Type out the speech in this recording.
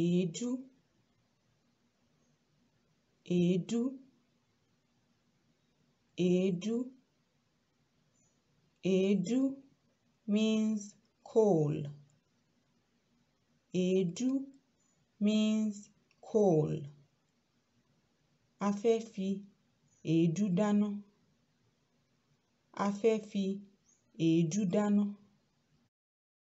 èédú èédú èédú èédú means coal èédú means coal a fẹ́ fi èédú dáná a fẹ́ fi èédú dáná.